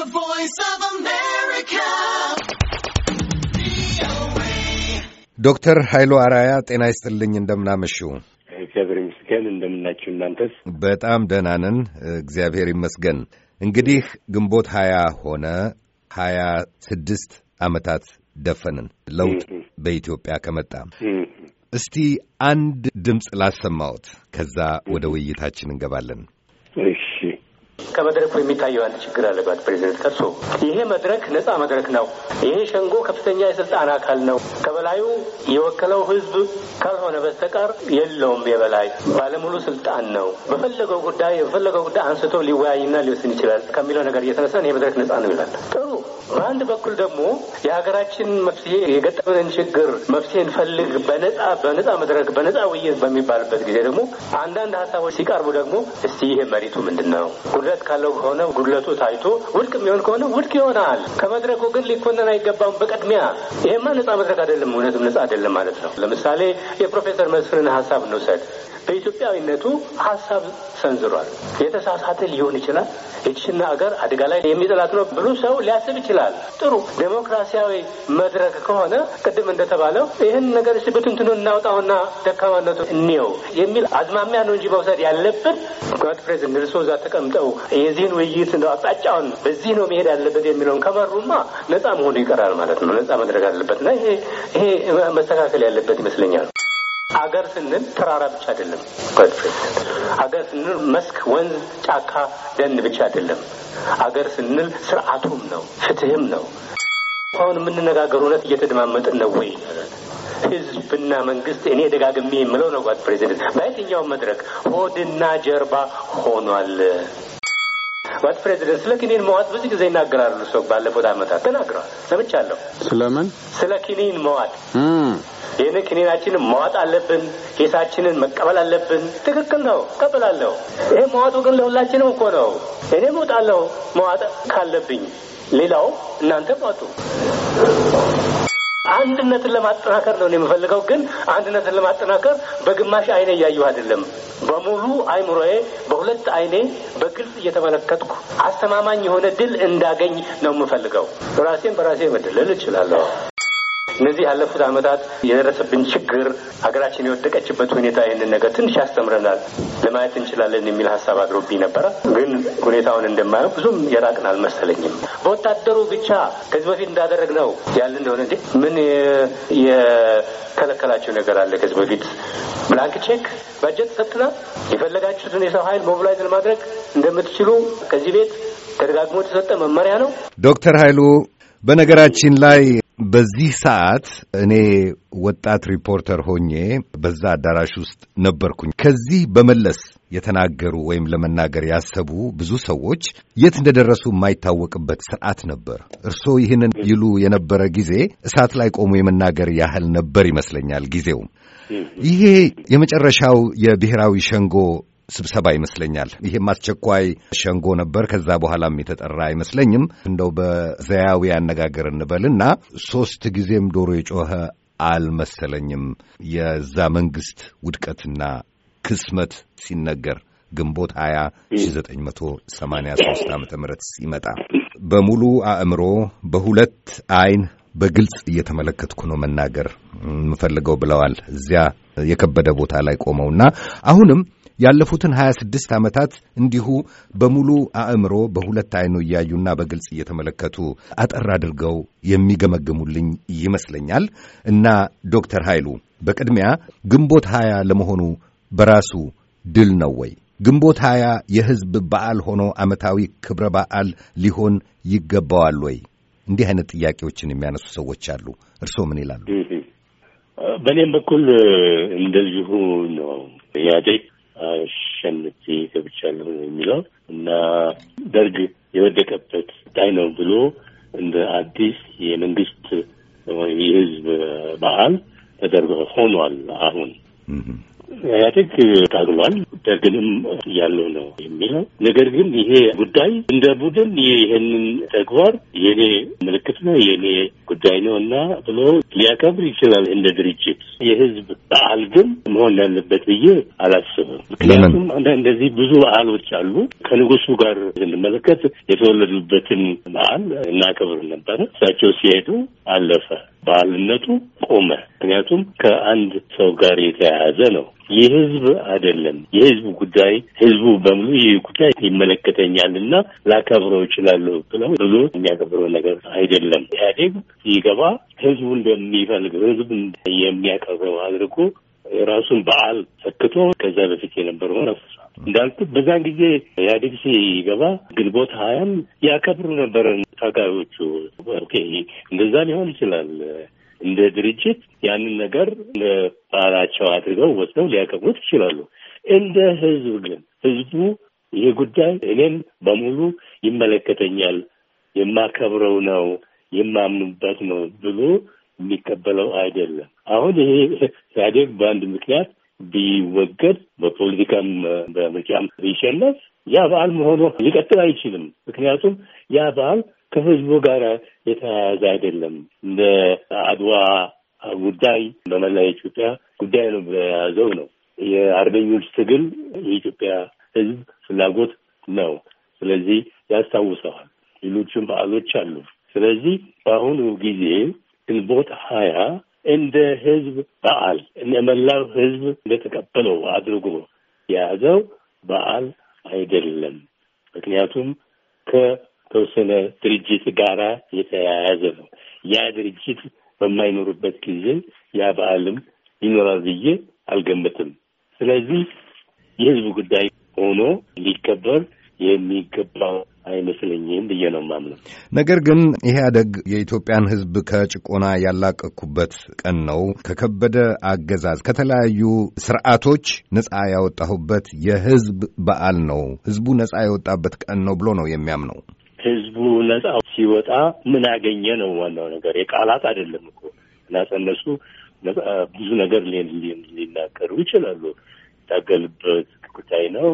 The Voice of America. ዶክተር ኃይሉ አራያ ጤና ይስጥልኝ፣ እንደምናመሹ። እግዚአብሔር ይመስገን። እንደምናችሁ እናንተስ? በጣም ደህና ነን፣ እግዚአብሔር ይመስገን። እንግዲህ ግንቦት ሀያ ሆነ ሀያ ስድስት ዓመታት ደፈንን ለውጥ በኢትዮጵያ ከመጣ እስቲ አንድ ድምፅ ላሰማዎት፣ ከዛ ወደ ውይይታችን እንገባለን። እሺ ከመድረኩ የሚታየው አንድ ችግር አለባት ፕሬዚደንት ከርሶ ይሄ መድረክ ነጻ መድረክ ነው። ይሄ ሸንጎ ከፍተኛ የስልጣን አካል ነው። ከበላዩ የወከለው ህዝብ ካልሆነ በስተቀር የለውም። የበላይ ባለሙሉ ስልጣን ነው። በፈለገው ጉዳይ በፈለገው ጉዳይ አንስቶ ሊወያይና ሊወስን ይችላል ከሚለው ነገር እየተነሳን ይሄ መድረክ ነጻ ነው ይላል። ጥሩ በአንድ በኩል ደግሞ የሀገራችን መፍትሄ የገጠመንን ችግር መፍትሄ እንፈልግ በነጻ በነጻ መድረክ በነጻ ውይይት በሚባልበት ጊዜ ደግሞ አንዳንድ ሀሳቦች ሲቀርቡ ደግሞ እስቲ ይሄ መሪቱ ምንድን ነው? ጉድለት ካለው ከሆነ ጉድለቱ ታይቶ ውድቅ የሚሆን ከሆነ ውድቅ ይሆናል። ከመድረኩ ግን ሊኮነን አይገባም። በቅድሚያ ይሄማ ነጻ መድረክ አይደለም፣ እውነትም ነጻ አይደለም ማለት ነው። ለምሳሌ የፕሮፌሰር መስፍንን ሀሳብ እንውሰድ። በኢትዮጵያዊነቱ ሀሳብ ሰንዝሯል። የተሳሳተ ሊሆን ይችላል። ይችና አገር አደጋ ላይ የሚጥላት ነው ብሎ ሰው ሊያስብ ይችላል። ጥሩ ዴሞክራሲያዊ መድረክ ከሆነ ቅድም እንደተባለው ይህን ነገር እስኪ ብትንትኑ እናውጣውና ደካማነቱ እንየው የሚል አዝማሚያ ነው እንጂ መውሰድ ያለብን ጓድ ፕሬዝን እርሶ እዛ ተቀምጠው የዚህን ውይይት ነው አቅጣጫውን በዚህ ነው መሄድ ያለበት የሚለውን ከመሩማ ነጻ መሆኑ ይቀራል ማለት ነው። ነጻ መድረግ አለበት እና ይሄ መስተካከል ያለበት ይመስለኛል። አገር ስንል ተራራ ብቻ አይደለም። አገር ስንል መስክ፣ ወንዝ፣ ጫካ፣ ደን ብቻ አይደለም። አገር ስንል ስርዓቱም ነው፣ ፍትህም ነው። አሁን የምንነጋገር እውነት እየተደማመጥን ነው ወይ? ህዝብና መንግስት፣ እኔ ደጋግሜ የምለው ነው ጓድ ፕሬዚደንት፣ በየትኛውም መድረክ ሆድና ጀርባ ሆኗል። ዋት ፕሬዚደንት ስለ ኪኒን መዋጥ ብዙ ጊዜ ይናገራሉ። ሰው ባለፉት ዓመታት ተናግረዋል፣ ሰምቻለሁ። ስለምን ስለ ኪኒን መዋጥ ይህንን ክኒናችንን መዋጥ አለብን። ኬሳችንን መቀበል አለብን። ትክክል ነው፣ ቀበላለሁ። ይሄ መዋጡ ግን ለሁላችንም እኮ ነው። እኔ እወጣለሁ መዋጥ ካለብኝ፣ ሌላው እናንተ መዋጡ አንድነትን ለማጠናከር ነው የምፈልገው። ግን አንድነትን ለማጠናከር በግማሽ አይኔ እያየሁ አይደለም፣ በሙሉ አይምሮዬ በሁለት አይኔ በግልጽ እየተመለከትኩ አስተማማኝ የሆነ ድል እንዳገኝ ነው የምፈልገው። ራሴን በራሴ መደለል እችላለሁ። እነዚህ ያለፉት ዓመታት የደረሰብን ችግር፣ ሀገራችን የወደቀችበት ሁኔታ ይህንን ነገር ትንሽ ያስተምረናል፣ ለማየት እንችላለን የሚል ሀሳብ አድሮብኝ ነበረ። ግን ሁኔታውን እንደማየው ብዙም የራቅን አልመሰለኝም። በወታደሩ ብቻ ከዚህ በፊት እንዳደረግነው ያለ እንደሆነ እንዴ ምን የከለከላቸው ነገር አለ? ከዚህ በፊት ብላንክ ቼክ ባጀት ሰጥተናል። የፈለጋችሁትን የሰው ኃይል ሞቢላይዝ ለማድረግ እንደምትችሉ ከዚህ ቤት ተደጋግሞ የተሰጠ መመሪያ ነው። ዶክተር ኃይሉ በነገራችን ላይ በዚህ ሰዓት እኔ ወጣት ሪፖርተር ሆኜ በዛ አዳራሽ ውስጥ ነበርኩኝ። ከዚህ በመለስ የተናገሩ ወይም ለመናገር ያሰቡ ብዙ ሰዎች የት እንደደረሱ የማይታወቅበት ስርዓት ነበር። እርስዎ ይህንን ይሉ የነበረ ጊዜ እሳት ላይ ቆሙ የመናገር ያህል ነበር ይመስለኛል ጊዜውም። ይሄ የመጨረሻው የብሔራዊ ሸንጎ ስብሰባ ይመስለኛል። ይህም አስቸኳይ ሸንጎ ነበር። ከዛ በኋላም የተጠራ አይመስለኝም። እንደው በዘያዊ አነጋገር እንበልና ሶስት ጊዜም ዶሮ የጮኸ አልመሰለኝም የዛ መንግስት ውድቀትና ክስመት ሲነገር ግንቦት 20 1983 ዓ ም ሲመጣ በሙሉ አእምሮ በሁለት አይን በግልጽ እየተመለከትኩ ነው መናገር የምፈልገው ብለዋል እዚያ የከበደ ቦታ ላይ ቆመውና አሁንም ያለፉትን 26 ዓመታት እንዲሁ በሙሉ አእምሮ በሁለት አይኑ እያዩና በግልጽ እየተመለከቱ አጠር አድርገው የሚገመግሙልኝ ይመስለኛል። እና ዶክተር ኃይሉ በቅድሚያ ግንቦት ሀያ ለመሆኑ በራሱ ድል ነው ወይ? ግንቦት ሀያ የህዝብ በዓል ሆኖ ዓመታዊ ክብረ በዓል ሊሆን ይገባዋል ወይ? እንዲህ አይነት ጥያቄዎችን የሚያነሱ ሰዎች አሉ። እርስዎ ምን ይላሉ? በእኔም በኩል እንደዚሁ ነው። ኢህአዴግ አሸንፌ ገብቻለሁ የሚለው እና ደርግ የወደቀበት ዳይ ነው ብሎ እንደ አዲስ የመንግስት የህዝብ በዓል ተደርጎ ሆኗል አሁን ኢህአዴግ ታግሏል፣ ደግንም ያለው ነው የሚለው ነገር ግን ይሄ ጉዳይ እንደ ቡድን ይህንን ተግባር የኔ ምልክት ነው የኔ ጉዳይ ነው እና ብሎ ሊያከብር ይችላል እንደ ድርጅት። የህዝብ በዓል ግን መሆን ያለበት ብዬ አላስብም። ምክንያቱም እንደዚህ ብዙ በዓሎች አሉ። ከንጉሱ ጋር ስንመለከት የተወለዱበትን በዓል እናከብር ነበረ። እሳቸው ሲሄዱ አለፈ በዓልነቱ ቆመ። ምክንያቱም ከአንድ ሰው ጋር የተያያዘ ነው። የህዝብ አይደለም። የህዝብ ጉዳይ ህዝቡ በሙሉ ይህ ጉዳይ ይመለከተኛል እና ላከብረው እችላለሁ ብለው ብሎ የሚያከብረው ነገር አይደለም። ኢህአዴግ ሲገባ ህዝቡ እንደሚፈልግ ህዝብ የሚያከብረው አድርጎ የራሱን በዓል ሰክቶ ከዛ በፊት የነበረው አፍሳ እንዳልኩ በዛን ጊዜ ኢህአዴግ ሲገባ ግንቦት ሀያም ያከብሩ ነበረን ታጋዮቹ። ኦኬ እንደዛ ሊሆን ይችላል። እንደ ድርጅት ያንን ነገር ለባላቸው አድርገው ወስደው ሊያከብሩት ይችላሉ። እንደ ህዝብ ግን ህዝቡ ይህ ጉዳይ እኔም በሙሉ ይመለከተኛል፣ የማከብረው ነው፣ የማምንበት ነው ብሎ የሚቀበለው አይደለም። አሁን ይሄ ኢህአዴግ በአንድ ምክንያት ቢወገድ በፖለቲካም በምርጫም ቢሸነፍ ያ በዓል መሆኑ ሊቀጥል አይችልም። ምክንያቱም ያ በዓል ከህዝቡ ጋር የተያያዘ አይደለም። እንደ አድዋ ጉዳይ በመላ የኢትዮጵያ ጉዳይ ነው ብለ የያዘው ነው። የአርበኞች ትግል የኢትዮጵያ ህዝብ ፍላጎት ነው። ስለዚህ ያስታውሰዋል። ሌሎችም በዓሎች አሉ። ስለዚህ በአሁኑ ጊዜ ግንቦት ሀያ እንደ ህዝብ በዓል እንደ መላው ህዝብ እንደተቀበለው አድርጎ የያዘው በዓል አይደለም። ምክንያቱም ከተወሰነ ድርጅት ጋራ የተያያዘ ነው። ያ ድርጅት በማይኖርበት ጊዜ ያ በዓልም ይኖራል ብዬ አልገምትም። ስለዚህ የህዝብ ጉዳይ ሆኖ ሊከበር የሚገባው አይመስለኝም ብዬ ነው የማምነው። ነገር ግን ኢህአደግ የኢትዮጵያን ሕዝብ ከጭቆና ያላቀኩበት ቀን ነው፣ ከከበደ አገዛዝ ከተለያዩ ስርዓቶች ነፃ ያወጣሁበት የህዝብ በዓል ነው፣ ህዝቡ ነፃ የወጣበት ቀን ነው ብሎ ነው የሚያምነው። ህዝቡ ነፃ ሲወጣ ምን አገኘ ነው ዋናው ነገር። የቃላት አይደለም እኮ እናጸነሱ ብዙ ነገር ሊናገሩ ይችላሉ። የታገልበት ጉዳይ ነው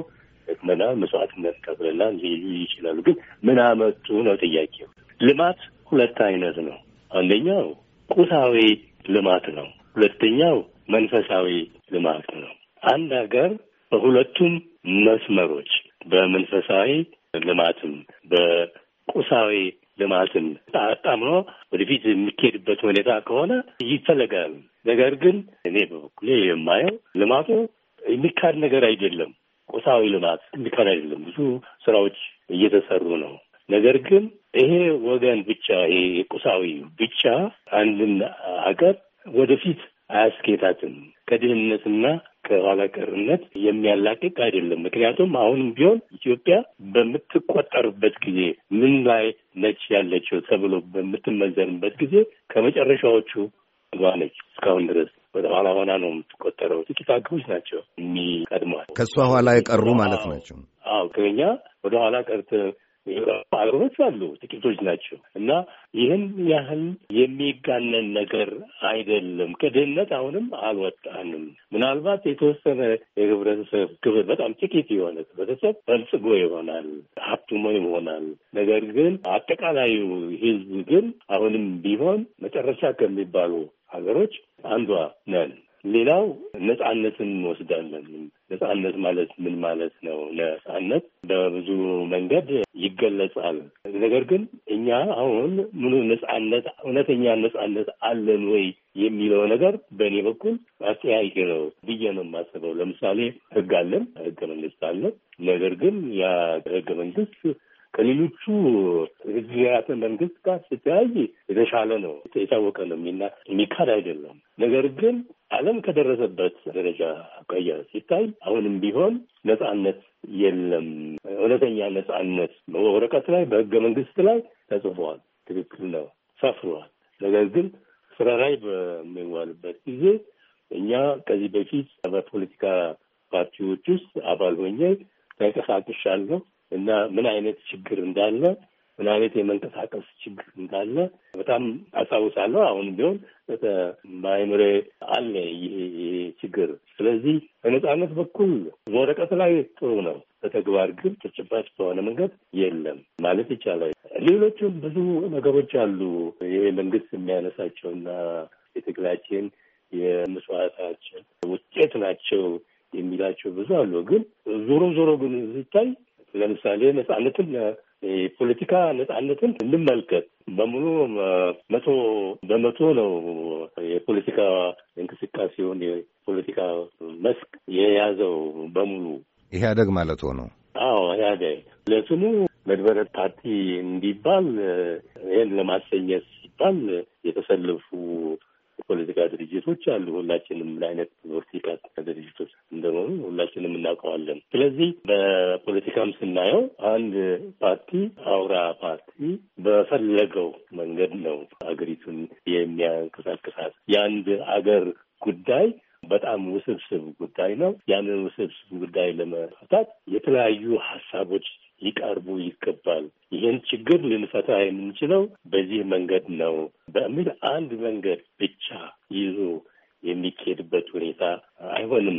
ደክመና መስዋዕትነት ከፍለናል ሊሉ ይችላሉ። ግን ምን አመጡ ነው ጥያቄው። ልማት ሁለት አይነት ነው። አንደኛው ቁሳዊ ልማት ነው። ሁለተኛው መንፈሳዊ ልማት ነው። አንድ ሀገር በሁለቱም መስመሮች በመንፈሳዊ ልማትም በቁሳዊ ልማትም አጣምሮ ወደፊት የሚካሄድበት ሁኔታ ከሆነ ይፈለጋል። ነገር ግን እኔ በበኩሌ የማየው ልማቱ የሚካድ ነገር አይደለም። ቁሳዊ ልማት የሚካል አይደለም። ብዙ ስራዎች እየተሰሩ ነው። ነገር ግን ይሄ ወገን ብቻ ይሄ ቁሳዊ ብቻ አንድን ሀገር ወደፊት አያስኬታትም። ከድህነትና ከኋላ ቀርነት የሚያላቅቅ አይደለም። ምክንያቱም አሁንም ቢሆን ኢትዮጵያ በምትቆጠርበት ጊዜ ምን ላይ ነች ያለችው ተብሎ በምትመዘንበት ጊዜ ከመጨረሻዎቹ ነች እስካሁን ድረስ ወደ ኋላ ሆና ነው የምትቆጠረው። ጥቂት አግቦች ናቸው የሚቀድሟል። ከእሷ ኋላ የቀሩ ማለት ናቸው። አዎ ከኛ ወደ ኋላ ቀርተ አገሮች አሉ፣ ጥቂቶች ናቸው እና ይህን ያህል የሚጋነን ነገር አይደለም። ከድህነት አሁንም አልወጣንም። ምናልባት የተወሰነ የህብረተሰብ ክፍል በጣም ጥቂት የሆነ ህብረተሰብ በልጽጎ ይሆናል፣ ሀብቱሞ ይሆናል። ነገር ግን አጠቃላዩ ህዝብ ግን አሁንም ቢሆን መጨረሻ ከሚባሉ ሀገሮች አንዷ ነን። ሌላው ነጻነትን እንወስዳለን። ነጻነት ማለት ምን ማለት ነው? ነጻነት በብዙ መንገድ ይገለጻል። ነገር ግን እኛ አሁን ምኑ ነጻነት፣ እውነተኛ ነጻነት አለን ወይ የሚለው ነገር በእኔ በኩል አጠያቂ ነው ብዬ ነው የማስበው። ለምሳሌ ህግ አለን፣ ህገ መንግስት አለን። ነገር ግን ያ ህገ መንግስት ከሌሎቹ ጊዜያት መንግስት ጋር ስተያይ የተሻለ ነው፣ የታወቀ ነው፣ የሚካድ አይደለም። ነገር ግን ዓለም ከደረሰበት ደረጃ አኳያ ሲታይ አሁንም ቢሆን ነጻነት የለም። እውነተኛ ነጻነት በወረቀት ላይ በህገ መንግስት ላይ ተጽፏል፣ ትክክል ነው፣ ሰፍሯል። ነገር ግን ስራ ላይ በሚዋልበት ጊዜ እኛ ከዚህ በፊት በፖለቲካ ፓርቲዎች ውስጥ አባል ሆኜ ተንቀሳቅሻለሁ እና ምን አይነት ችግር እንዳለ ምን አይነት የመንቀሳቀስ ችግር እንዳለ በጣም አስታውሳለሁ። አሁን ቢሆን በአይምሬ አለ ይሄ ችግር። ስለዚህ በነጻነት በኩል በወረቀት ላይ ጥሩ ነው፣ በተግባር ግን ተጨባጭ በሆነ መንገድ የለም ማለት ይቻላል። ሌሎችም ብዙ ነገሮች አሉ። ይሄ መንግስት የሚያነሳቸውና የትግላችን የመስዋዕታችን ውጤት ናቸው የሚላቸው ብዙ አሉ። ግን ዞሮ ዞሮ ግን ሲታይ ለምሳሌ ነጻነትን የፖለቲካ ነጻነትን እንመልከት። በሙሉ መቶ በመቶ ነው የፖለቲካ እንቅስቃሴውን የፖለቲካ መስክ የያዘው በሙሉ ኢህአደግ ማለት ሆኖ አዎ ኢህአደግ ለስሙ መድበረ ፓርቲ እንዲባል ይህን ለማሰኘት ሲባል የተሰለፉ ፖለቲካ ድርጅቶች አሉ። ሁላችንም አይነት ፖለቲካ ድርጅቶች እንደሆኑ ሁላችንም እናውቀዋለን። ስለዚህ በፖለቲካም ስናየው አንድ ፓርቲ አውራ ፓርቲ በፈለገው መንገድ ነው ሀገሪቱን የሚያንቀሳቅሳት። የአንድ አገር ጉዳይ በጣም ውስብስብ ጉዳይ ነው። ያንን ውስብስብ ጉዳይ ለመፈታት የተለያዩ ሀሳቦች ሊቀርቡ ይገባል። ይህን ችግር ልንፈታ የምንችለው በዚህ መንገድ ነው በሚል አንድ መንገድ ይዞ የሚካሄድበት ሁኔታ አይሆንም።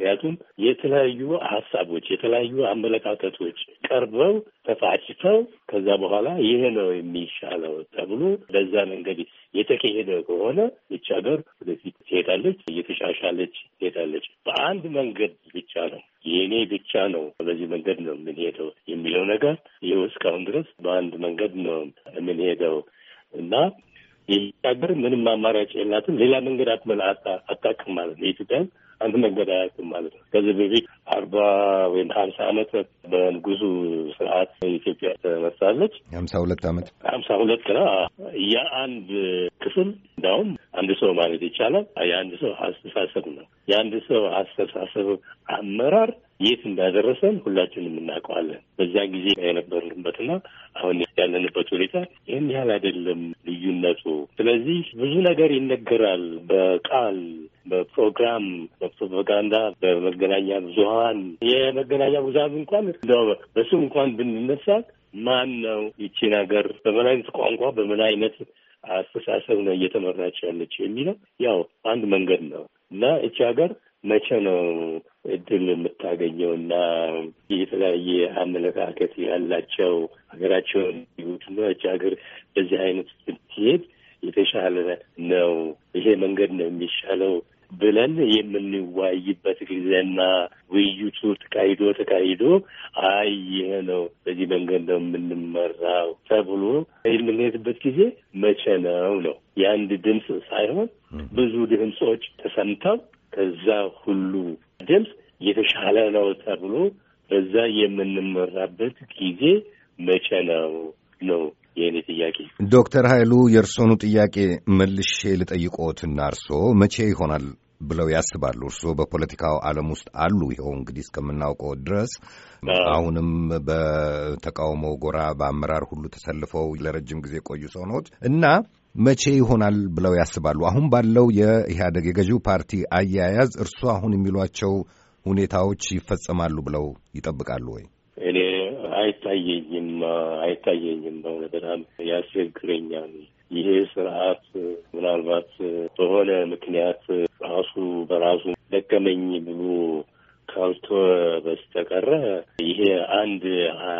ምክንያቱም የተለያዩ ሀሳቦች የተለያዩ አመለካከቶች ቀርበው ተፋጭተው ከዛ በኋላ ይሄ ነው የሚሻለው ተብሎ በዛ መንገድ የተካሄደ ከሆነ ይች ሀገር ወደፊት ትሄዳለች፣ እየተሻሻለች ትሄዳለች። በአንድ መንገድ ብቻ ነው የእኔ ብቻ ነው በዚህ መንገድ ነው የምንሄደው የሚለው ነገር ይኸው እስካሁን ድረስ በአንድ መንገድ ነው የምንሄደው እና የሀገር ምንም አማራጭ የላትም። ሌላ መንገድ አትመላ አታውቅም ማለት ነው። የኢትዮጵያን አንድ መንገድ አያውቅም ማለት ነው። ከዚህ በፊት አርባ ወይም ሀምሳ አመት በንጉሱ ስርዓት ኢትዮጵያ ተመሳለች። ሀምሳ ሁለት አመት ሀምሳ ሁለት ነው። ያ አንድ ክፍል እንዲያውም አንድ ሰው ማለት ይቻላል የአንድ ሰው አስተሳሰብ ነው። የአንድ ሰው አስተሳሰብ አመራር የት እንዳደረሰን ሁላችንም እናውቀዋለን። በዚያ ጊዜ የነበርንበትና አሁን ያለንበት ሁኔታ ይህን ያህል አይደለም ልዩነቱ። ስለዚህ ብዙ ነገር ይነገራል በቃል በፕሮግራም፣ በፕሮፓጋንዳ፣ በመገናኛ ብዙሀን የመገናኛ ብዙሀን እንኳን እንደው በሱም እንኳን ብንነሳ ማን ነው ይቺ ነገር በምን አይነት ቋንቋ በምን አይነት አስተሳሰብ ነው እየተመራች ያለችው የሚለው ያው አንድ መንገድ ነው እና እቺ ሀገር መቼ ነው እድል የምታገኘው እና የተለያየ አመለካከት ያላቸው ሀገራቸውን ነው እቺ ሀገር በዚህ አይነት ብትሄድ የተሻለ ነው፣ ይሄ መንገድ ነው የሚሻለው ብለን የምንወያይበት ጊዜና ውይይቱ ተካሂዶ ተካሂዶ አይ ይሄ ነው በዚህ መንገድ ነው የምንመራው ተብሎ የምንሄድበት ጊዜ መቼ ነው ነው የአንድ ድምፅ ሳይሆን ብዙ ድምፆች ተሰምተው ከዛ ሁሉ ድምፅ የተሻለ ነው ተብሎ በዛ የምንመራበት ጊዜ መቼ ነው ነው የእኔ ጥያቄ። ዶክተር ኃይሉ የእርሶኑ ጥያቄ መልሼ ልጠይቆትና እርስዎ መቼ ይሆናል ብለው ያስባሉ? እርስዎ በፖለቲካው ዓለም ውስጥ አሉ፣ ይኸው እንግዲህ እስከምናውቀው ድረስ አሁንም በተቃውሞ ጎራ በአመራር ሁሉ ተሰልፈው ለረጅም ጊዜ ቆዩ ሰው ነዎት እና መቼ ይሆናል ብለው ያስባሉ? አሁን ባለው የኢህአደግ የገዢው ፓርቲ አያያዝ እርሱ አሁን የሚሏቸው ሁኔታዎች ይፈጸማሉ ብለው ይጠብቃሉ ወይ? አይታየኝም አይታየኝም ነው። በጣም ያስቸግረኛል ይሄ ስርዓት ምናልባት በሆነ ምክንያት ራሱ በራሱ ደከመኝ ብሎ ካልቶ በስተቀረ ይሄ አንድ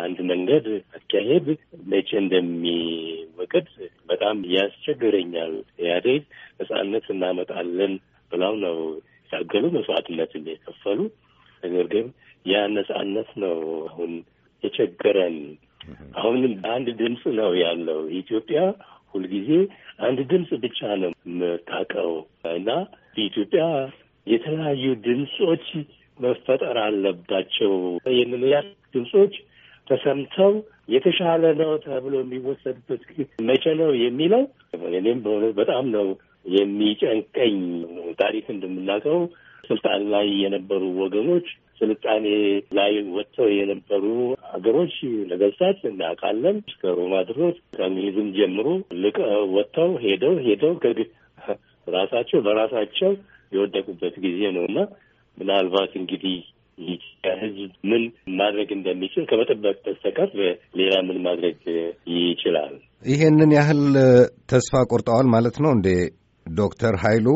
አንድ መንገድ አካሄድ መቼ እንደሚወቅድ በጣም ያስቸግረኛል። ኢህአዴግ ነጻነት እናመጣለን ብላው ነው የታገሉ መስዋዕትነት የከፈሉ ነገር ግን ያ ነጻነት ነው አሁን የቸገረን። አሁንም አንድ ድምፅ ነው ያለው። ኢትዮጵያ ሁልጊዜ አንድ ድምፅ ብቻ ነው የምታቀው እና በኢትዮጵያ የተለያዩ ድምፆች መፈጠር አለባቸው። የምንያ ድምፆች ተሰምተው የተሻለ ነው ተብሎ የሚወሰድበት መቼ ነው የሚለው እኔም በሆነ በጣም ነው የሚጨንቀኝ። ታሪክ እንደምናውቀው ስልጣን ላይ የነበሩ ወገኖች ስልጣኔ ላይ ወጥተው የነበሩ ሀገሮች ነገስታት እናውቃለን። እስከ ሮማ ድሮት ከእንግሊዝም ጀምሮ ልቀ ወጥተው ሄደው ሄደው ራሳቸው በራሳቸው የወደቁበት ጊዜ ነው እና ምናልባት እንግዲህ ህዝብ ምን ማድረግ እንደሚችል ከመጠበቅ በስተቀር ሌላ ምን ማድረግ ይችላል? ይሄንን ያህል ተስፋ ቆርጠዋል ማለት ነው እንዴ ዶክተር ሀይሉ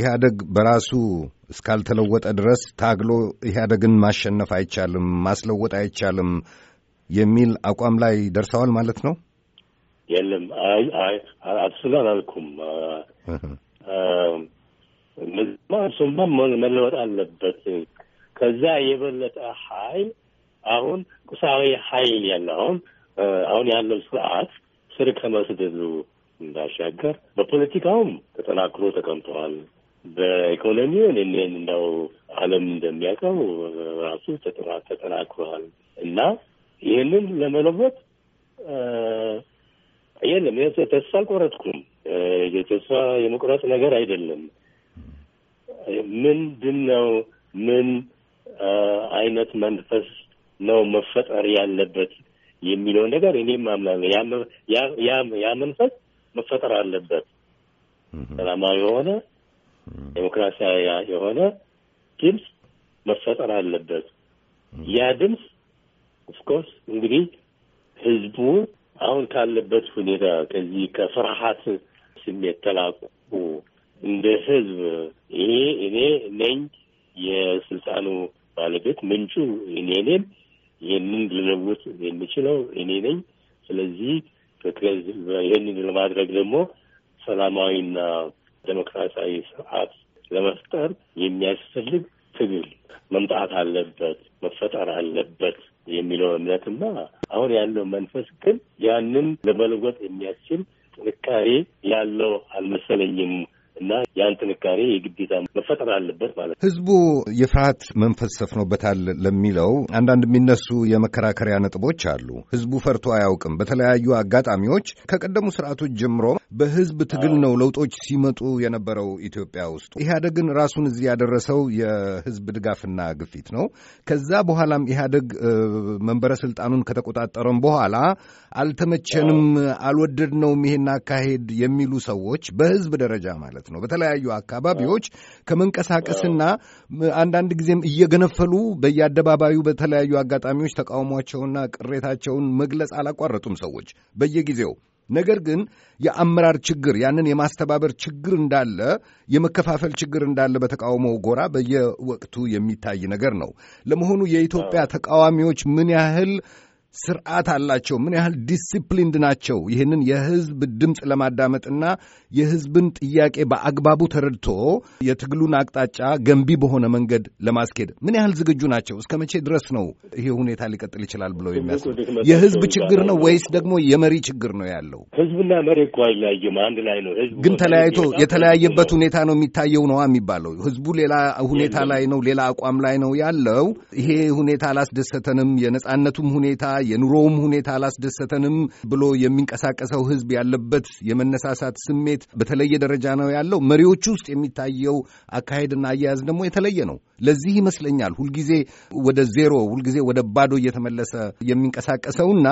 ኢህአደግ በራሱ እስካልተለወጠ ድረስ ታግሎ ኢህአደግን ማሸነፍ አይቻልም፣ ማስለወጥ አይቻልም የሚል አቋም ላይ ደርሰዋል ማለት ነው። የለም አትስሉ አላልኩም። እሱማ መለወጥ አለበት። ከዛ የበለጠ ኃይል አሁን ቁሳዊ ኃይል ያለ አሁን አሁን ያለው ስርዓት ስር ከመስደዱ እንዳሻገር በፖለቲካውም ተጠናክሮ ተቀምጠዋል። በኢኮኖሚው እኔን እንደው ዓለም እንደሚያውቀው ራሱ ተጠናክሯል እና ይህንን ለመለወጥ የለም ተስፋ አልቆረጥኩም። የተስፋ የመቁረጥ ነገር አይደለም። ምንድን ነው ምን አይነት መንፈስ ነው መፈጠር ያለበት የሚለውን ነገር እኔም አምናለሁ። ያ መንፈስ መፈጠር አለበት ሰላማዊ የሆነ ዴሞክራሲያዊ የሆነ ድምፅ መፈጠር አለበት። ያ ድምፅ ኦፍኮርስ እንግዲህ ህዝቡ አሁን ካለበት ሁኔታ ከዚህ ከፍርሃት ስሜት ተላቁ እንደ ህዝብ ይሄ እኔ ነኝ የስልጣኑ ባለቤት ምንጩ እኔ ነኝ፣ ይህንን ልለውጥ የምችለው እኔ ነኝ። ስለዚህ ይህንን ለማድረግ ደግሞ ሰላማዊና ዴሞክራሲያዊ ስርዓት ለመፍጠር የሚያስፈልግ ትግል መምጣት አለበት፣ መፈጠር አለበት የሚለው እምነትና አሁን ያለው መንፈስ ግን ያንን ለመለወጥ የሚያስችል ጥንካሬ ያለው አልመሰለኝም። እና ያን ጥንካሬ የግዴታ መፈጠር አለበት ማለት ነው። ህዝቡ የፍርሃት መንፈስ ሰፍኖበታል ለሚለው አንዳንድ የሚነሱ የመከራከሪያ ነጥቦች አሉ። ህዝቡ ፈርቶ አያውቅም። በተለያዩ አጋጣሚዎች ከቀደሙ ስርዓቶች ጀምሮ በህዝብ ትግል ነው ለውጦች ሲመጡ የነበረው ኢትዮጵያ ውስጥ። ኢህአደግን ራሱን እዚህ ያደረሰው የህዝብ ድጋፍና ግፊት ነው። ከዛ በኋላም ኢህአደግ መንበረ ስልጣኑን ከተቆጣጠረም በኋላ አልተመቸንም፣ አልወደድነውም ይሄን አካሄድ የሚሉ ሰዎች በህዝብ ደረጃ ማለት ነው። በተለያዩ አካባቢዎች ከመንቀሳቀስና አንዳንድ ጊዜም እየገነፈሉ በየአደባባዩ በተለያዩ አጋጣሚዎች ተቃውሟቸውና ቅሬታቸውን መግለጽ አላቋረጡም ሰዎች በየጊዜው። ነገር ግን የአመራር ችግር ያንን የማስተባበር ችግር እንዳለ የመከፋፈል ችግር እንዳለ በተቃውሞው ጎራ በየወቅቱ የሚታይ ነገር ነው። ለመሆኑ የኢትዮጵያ ተቃዋሚዎች ምን ያህል ስርዓት አላቸው፣ ምን ያህል ዲስፕሊንድ ናቸው። ይህንን የህዝብ ድምፅ ለማዳመጥና የህዝብን ጥያቄ በአግባቡ ተረድቶ የትግሉን አቅጣጫ ገንቢ በሆነ መንገድ ለማስኬድ ምን ያህል ዝግጁ ናቸው? እስከ መቼ ድረስ ነው ይሄ ሁኔታ ሊቀጥል ይችላል ብለው የሚያስ የህዝብ ችግር ነው ወይስ ደግሞ የመሪ ችግር ነው ያለው? ህዝብና መሪ እኮ አይለያየም፣ አንድ ላይ ነው። ህዝብ ግን ተለያይቶ የተለያየበት ሁኔታ ነው የሚታየው ነዋ የሚባለው። ህዝቡ ሌላ ሁኔታ ላይ ነው፣ ሌላ አቋም ላይ ነው ያለው። ይሄ ሁኔታ አላስደሰተንም፣ የነጻነቱም ሁኔታ የኑሮውም ሁኔታ አላስደሰተንም ብሎ የሚንቀሳቀሰው ህዝብ ያለበት የመነሳሳት ስሜት በተለየ ደረጃ ነው ያለው። መሪዎቹ ውስጥ የሚታየው አካሄድና አያያዝ ደግሞ የተለየ ነው። ለዚህ ይመስለኛል ሁልጊዜ ወደ ዜሮ ሁልጊዜ ወደ ባዶ እየተመለሰ የሚንቀሳቀሰውና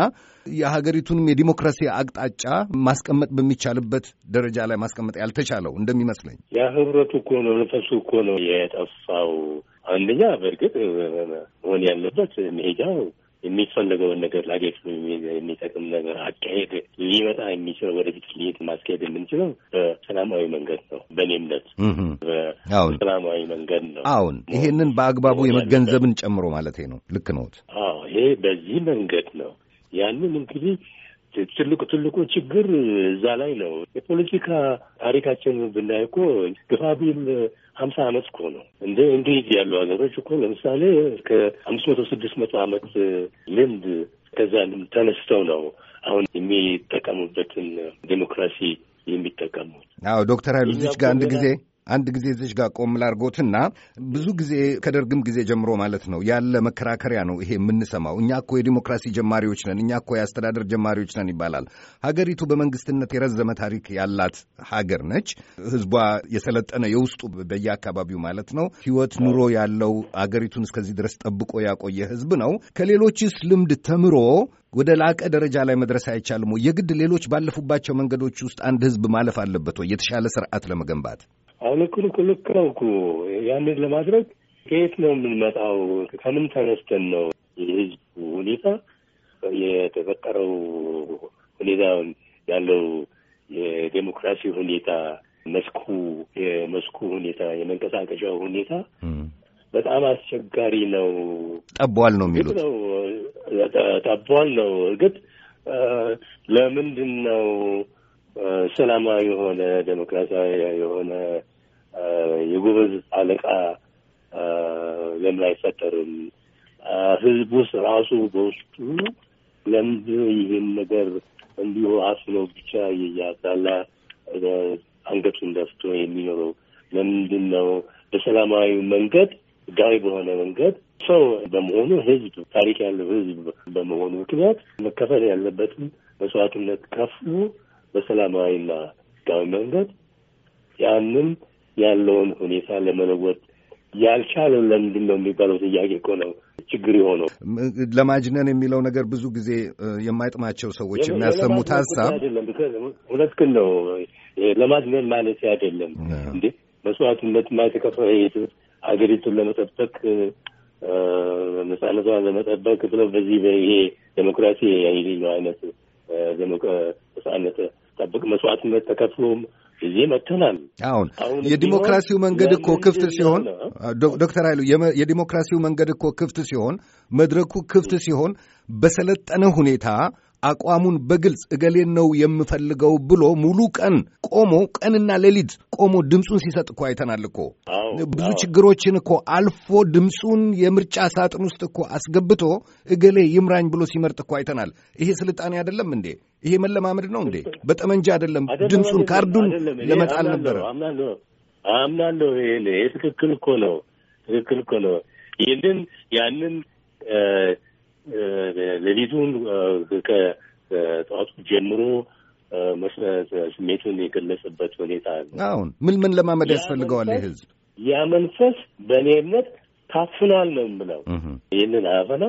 የሀገሪቱንም የዲሞክራሲ አቅጣጫ ማስቀመጥ በሚቻልበት ደረጃ ላይ ማስቀመጥ ያልተቻለው እንደሚመስለኝ ያ ህብረቱ እኮ ነው፣ ነፈሱ እኮ ነው የጠፋው። አንደኛ በእርግጥ መሆን ያለበት መሄጃው የሚፈለገውን ነገር ላጌት የሚጠቅም ነገር አካሄድ ሊመጣ የሚችለው ወደፊት ሊሄድ ማስካሄድ የምንችለው በሰላማዊ መንገድ ነው። በእኔ እምነት በሰላማዊ መንገድ ነው። አሁን ይሄንን በአግባቡ የመገንዘብን ጨምሮ ማለት ነው። ልክ ነዎት። ይሄ በዚህ መንገድ ነው። ያንን እንግዲህ ትልቁ ትልቁ ችግር እዛ ላይ ነው። የፖለቲካ ታሪካችን ብናይ እኮ ግፋ ሀምሳ አመት እኮ ነው። እንደ እንግሊዝ ያሉ ሀገሮች እኮ ለምሳሌ ከአምስት መቶ ስድስት መቶ አመት ልምድ ከዛ ልምድ ተነስተው ነው አሁን የሚጠቀሙበትን ዴሞክራሲ የሚጠቀሙት። አዎ ዶክተር ሀይሉ እዚች ጋር አንድ ጊዜ አንድ ጊዜ እዚች ጋር ቆም ላድርጎትና ብዙ ጊዜ ከደርግም ጊዜ ጀምሮ ማለት ነው ያለ መከራከሪያ ነው ይሄ የምንሰማው። እኛ እኮ የዲሞክራሲ ጀማሪዎች ነን፣ እኛ እኮ የአስተዳደር ጀማሪዎች ነን ይባላል። ሀገሪቱ በመንግስትነት የረዘመ ታሪክ ያላት ሀገር ነች። ህዝቧ የሰለጠነ የውስጡ በየአካባቢው ማለት ነው ህይወት ኑሮ ያለው አገሪቱን እስከዚህ ድረስ ጠብቆ ያቆየ ህዝብ ነው። ከሌሎችስ ልምድ ተምሮ ወደ ላቀ ደረጃ ላይ መድረስ አይቻልም የግድ ሌሎች ባለፉባቸው መንገዶች ውስጥ አንድ ህዝብ ማለፍ አለበት ወይ? የተሻለ ስርዓት ለመገንባት አሁን እኩል እኩል ልክ ነው እኮ ያንን ለማድረግ ከየት ነው የምንመጣው? ከምን ተነስተን ነው የህዝቡ ሁኔታ የተፈጠረው ሁኔታ ያለው የዴሞክራሲ ሁኔታ መስኩ የመስኩ ሁኔታ የመንቀሳቀሻው ሁኔታ በጣም አስቸጋሪ ነው። ጠቧል ነው የሚሉት ጠቧል ነው። እርግጥ ለምንድን ነው ሰላማዊ የሆነ ዴሞክራሲያዊ የሆነ የጎበዝ አለቃ ለምን አይፈጠርም? ህዝብ ውስጥ ራሱ በውስጡ ለምድ ይህን ነገር እንዲሁ አስሎ ብቻ እያዛላ አንገቱን ደፍቶ የሚኖረው ለምንድን ነው? በሰላማዊ መንገድ ህጋዊ በሆነ መንገድ ሰው በመሆኑ ህዝብ ታሪክ ያለው ህዝብ በመሆኑ ምክንያት መከፈል ያለበትም መስዋዕትነት ከፍሉ በሰላማዊና ህጋዊ መንገድ ያንን ያለውን ሁኔታ ለመለወጥ ያልቻለ ለምንድን ነው የሚባለው ጥያቄ እኮ ነው ችግር የሆነው። ለማጅነን የሚለው ነገር ብዙ ጊዜ የማይጥማቸው ሰዎች የሚያሰሙት ሀሳብ አይደለም። እውነት ግን ነው ለማጅነን ማለት አይደለም እንዴ መስዋዕትነት የማይተከፈለ አገሪቱን ለመጠበቅ ነጻነቷን ለመጠበቅ ብለው በዚህ በይሄ ዴሞክራሲ የሌለው አይነት ነጻነት ጠብቅ መስዋዕትነት ተከፍሎም እዚህ መጥተናል። አሁን የዲሞክራሲው መንገድ እኮ ክፍት ሲሆን ዶክተር ኃይሉ የዲሞክራሲው መንገድ እኮ ክፍት ሲሆን መድረኩ ክፍት ሲሆን በሰለጠነ ሁኔታ አቋሙን በግልጽ እገሌን ነው የምፈልገው ብሎ ሙሉ ቀን ቆሞ ቀንና ሌሊት ቆሞ ድምፁን ሲሰጥ እኮ አይተናል እኮ ብዙ ችግሮችን እኮ አልፎ ድምፁን የምርጫ ሳጥን ውስጥ እኮ አስገብቶ እገሌ ይምራኝ ብሎ ሲመርጥ እኮ አይተናል። ይሄ ስልጣኔ አይደለም እንዴ? ይሄ መለማመድ ነው እንዴ? በጠመንጃ አይደለም። ድምፁን ካርዱን ለመጣል ነበረ። አምናለሁ። ይሄ ትክክል እኮ ነው። ትክክል እኮ ነው። ይህንን ያንን ሌሊቱን ከጠዋቱ ጀምሮ ስሜቱን የገለጸበት ሁኔታ ነው። አሁን ምን ምን ለማመድ ያስፈልገዋል ይህ ህዝብ? ያ መንፈስ በእኔ እምነት ታፍኗል ነው የምለው። ይህንን አፈና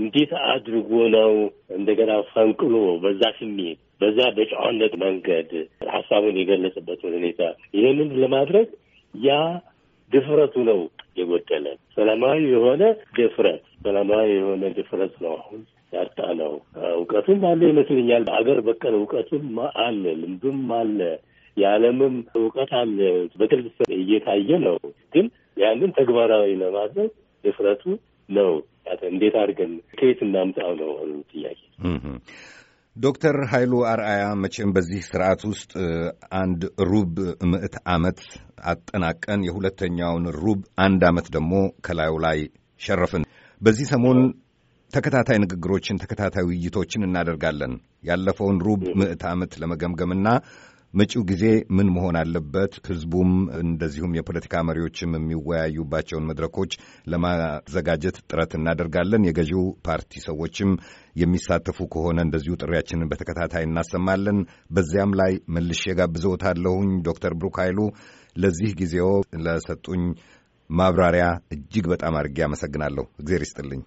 እንዴት አድርጎ ነው እንደገና ፈንቅሎ በዛ ስሜት በዛ በጨዋነት መንገድ ሀሳቡን የገለጸበት ሁኔታ ይህንን ለማድረግ ያ ድፍረቱ ነው የጎደለ ሰላማዊ የሆነ ድፍረት ሰላማዊ የሆነ ድፍረት ነው አሁን ያጣ ነው። እውቀቱም አለ ይመስለኛል። በሀገር በቀል እውቀቱም አለ፣ ልምዱም አለ፣ የዓለምም እውቀት አለ። በግልጽ እየታየ ነው። ግን ያንን ተግባራዊ ለማድረግ ድፍረቱ ነው። እንዴት አድርገን ከየት እናምጣው ነው ጥያቄ። ዶክተር ኃይሉ አርአያ መቼም በዚህ ስርዓት ውስጥ አንድ ሩብ ምዕት ዓመት አጠናቀን የሁለተኛውን ሩብ አንድ ዓመት ደግሞ ከላዩ ላይ ሸረፍን። በዚህ ሰሞን ተከታታይ ንግግሮችን፣ ተከታታይ ውይይቶችን እናደርጋለን። ያለፈውን ሩብ ምዕት ዓመት ለመገምገምና መጪው ጊዜ ምን መሆን አለበት፣ ህዝቡም እንደዚሁም የፖለቲካ መሪዎችም የሚወያዩባቸውን መድረኮች ለማዘጋጀት ጥረት እናደርጋለን። የገዢው ፓርቲ ሰዎችም የሚሳተፉ ከሆነ እንደዚሁ ጥሪያችንን በተከታታይ እናሰማለን። በዚያም ላይ መልሼ ጋብዘዎታለሁኝ። ዶክተር ብሩክ ኃይሉ ለዚህ ጊዜው ለሰጡኝ ማብራሪያ እጅግ በጣም አድርጌ አመሰግናለሁ። እግዜር ይስጥልኝ።